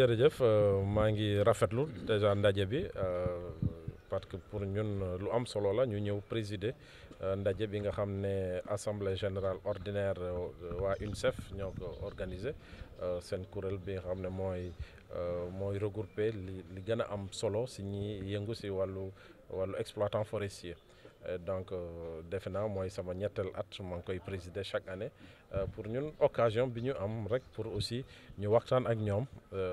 jërëjëf euh, maa ngi rafetlu déjà ndaje bi euh, parce que pour ñun lu am solo la ñu ñëw présider euh, ndaje bi nga xam ne assemblée générale ordinaire waa UNICEF ñoo ko organiser seen kuréel bi nga xam ne mooy mooy regrouper li li gën a am solo si ñi yëngu si wàllu wàllu exploitant forestier. Euh, donc euh, defe mooy sama ñetteel at maa ngi koy présider chaque année euh, pour ñun occasion bi ñu am rek pour aussi ñu waxtaan ak ñoom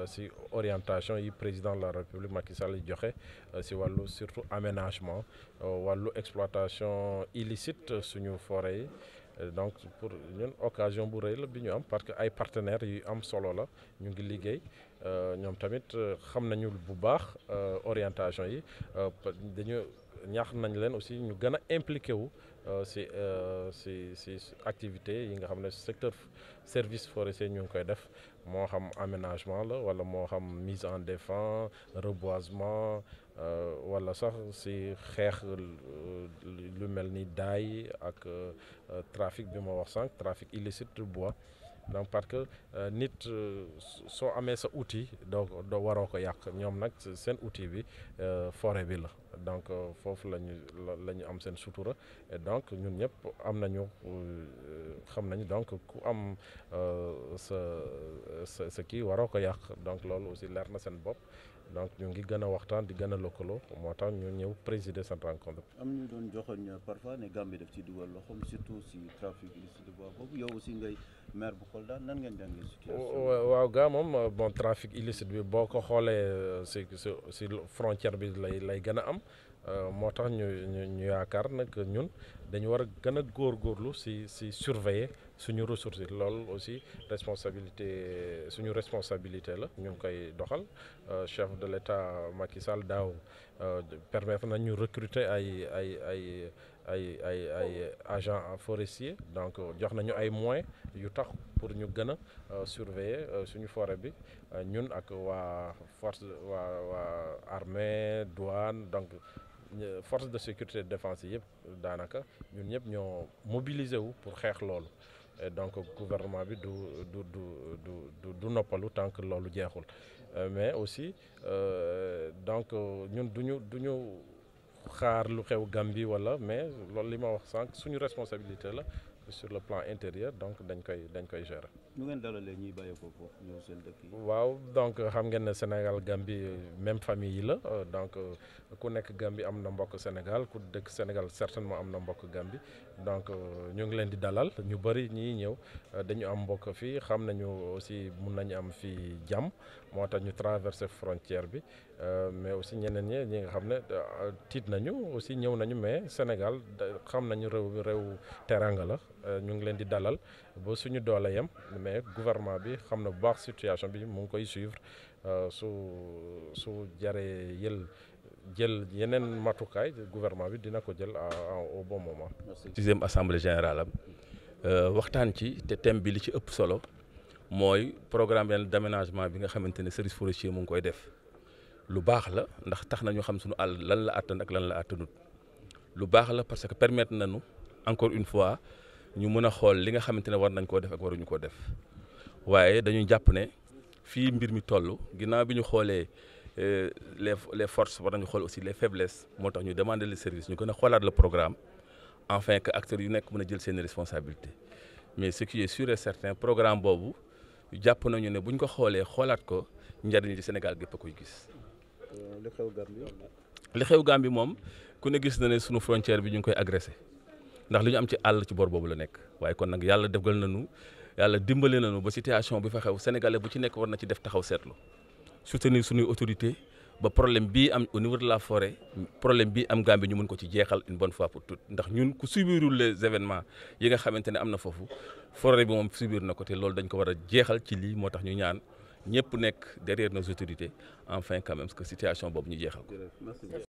si orientation yi président de la république Macky Sall joxe si wàllu surtout aménagement wàllu exploitation illicite suñu forêt yi. donc pour ñun occasion bu rëy la bi ñu am parce que ay partenaires yu am solo la ñu ngi liggéey ñoom tamit xam nañu bu baax orientation yi dañu. ñaax nañ leen aussi ñu gën a impliqué wu euh, si euh, si si activité yi nga xam ne secteur service forestier ñu ngi koy def moo xam aménagement la wala moo xam mise en défense reboisement euh, wala sax si xeex lu mel ni daay ak trafic bi ma wax sànq trafic illicite de bois donc parce que nit soo amee sa outil doo doo waroo ko yàq ñoom nag seen outil bi fore bi la donc euh, foofu la ñu la ñu am seen sutura et donc ñun ñëpp am nañu euh, xam nañu donc ku am euh, sa sa sa kii waroo ko yàq donc loolu aussi leer na seen bopp donc ñu ngi gën a waxtaan di gën a lëkkaloo moo tax ñu ñëw présider seen rencontre. am ñu doon joxoon parfois ne Gambie daf ci dugal loxoom surtout si trafic illicite boobu yow si ngay. maire bu Kolda nan ngeen jàngee situation waaw gaa moom bon trafic illicite bi boo ko xoolee euh, si si si frontière bi lay lay gën a am euh, moo tax ñu ñu yaakaar nag ñun dañu war a gën a góor góorlu si si surveiller suñu ressource yi loolu aussi responsabilité suñu responsabilité la ñu ngi koy doxal euh, chef de l'État Macky Sall daaw euh, permettre nañ ñu recruter ay ay ay ay ay ay agent forestier donc jox nañu ay moyen yu tax pour ñu gën a euh, surveiller suñu forêt bi ñun ak waa force waa waa armée douane donc force de sécurité défense yëpp daanaka ñun ñëpp ñoo mobiliser wu pour xeex loolu donc gouvernement bi du du du du du noppalu tant que loolu jeexul euh, mais aussi euh, donc euh, ñun duñu duñu xaar lu xew Gambie wala mais loolu li ma wax sànq suñu responsabilité la sur le plan intérieur donc dañ koy dañ koy gérer. ñu ngeen dalalee ñuy bàyyeekoo ko ñëw seen dëkk yi. waaw donc xam ngeen ne Sénégal Gambie même famille yi la euh, donc euh, ku nekk Gambie am na mbokk Sénégal ku dëkk Sénégal certainement am na mbokk Gambie donc euh, ñu ngi leen di dalal ñu bëri ñiy ñëw dañu am mbokk fii xam nañu aussi mun nañu am fi jàmm moo tax ñu traversé frontière bi mais aussi ñeneen ñi ñi nga xam ne tiit nañu aussi ñëw nañu mais Sénégal xam nañu réew réew teranga la. Euh, ñu ngi leen di dalal ba suñu doole yam mais gouvernement bi xam na bu baax situation bi mu ngi koy suivre euh, su su jaree yël jël yeneen matukaay gouvernement bi dina ko jël au bon moment. sixième assemblée générale am euh, waxtaan ci te thème bi li ci ëpp solo mooy programme yenn d'aménagement bi nga xamante ne service forestier mu ngi koy def lu baax la ndax tax na ñu xam suñu àll lan la àttan ak lan la àttanut lu baax la parce que permettre nañu encore une fois. ñu mën a xool li nga xamante ne war nañ koo def ak waruñu ko def waaye dañuy jàpp ne fii mbir mi toll ginnaaw bi ñu xoolee euh, les les forces war nañu xool aussi les faiblesses moo tax ñu demande les services ñu gën a xoolaat le programme enfin que acteurs yu nekk mun a jël seeni responsabilité mais ce qui est sûr et certain programme boobu jàpp nañu ne bu ñu ko xoolee xoolaat ko njariñ li Sénégal gépp a koy gis. Euh, li xew Gambie. li moom ku ne gis na ne sunu frontière bi ñu ngi koy agressé. ndax lu ñu am ci àll ci boor boobu la nekk waaye kon nag yàlla defal nañu yàlla dimbale nañu ba situation bi fa xew sénégalais bu ci nekk war na ci def taxaw seetlu soutenir suñuy autorité ba problème bi am au niveau de la forêt problème bii am Gambie ñu mun ko ci jeexal une bon fois pour toutes ndax ñun ku subirul les événements yi nga xamante ne am na foofu forêt bi moom subir na ko te loolu dañ ko war a jeexal ci lii moo tax ñu ñaan ñëpp nekk derrière nos autorités enfin quand même que situation boobu ñu jeexal ko.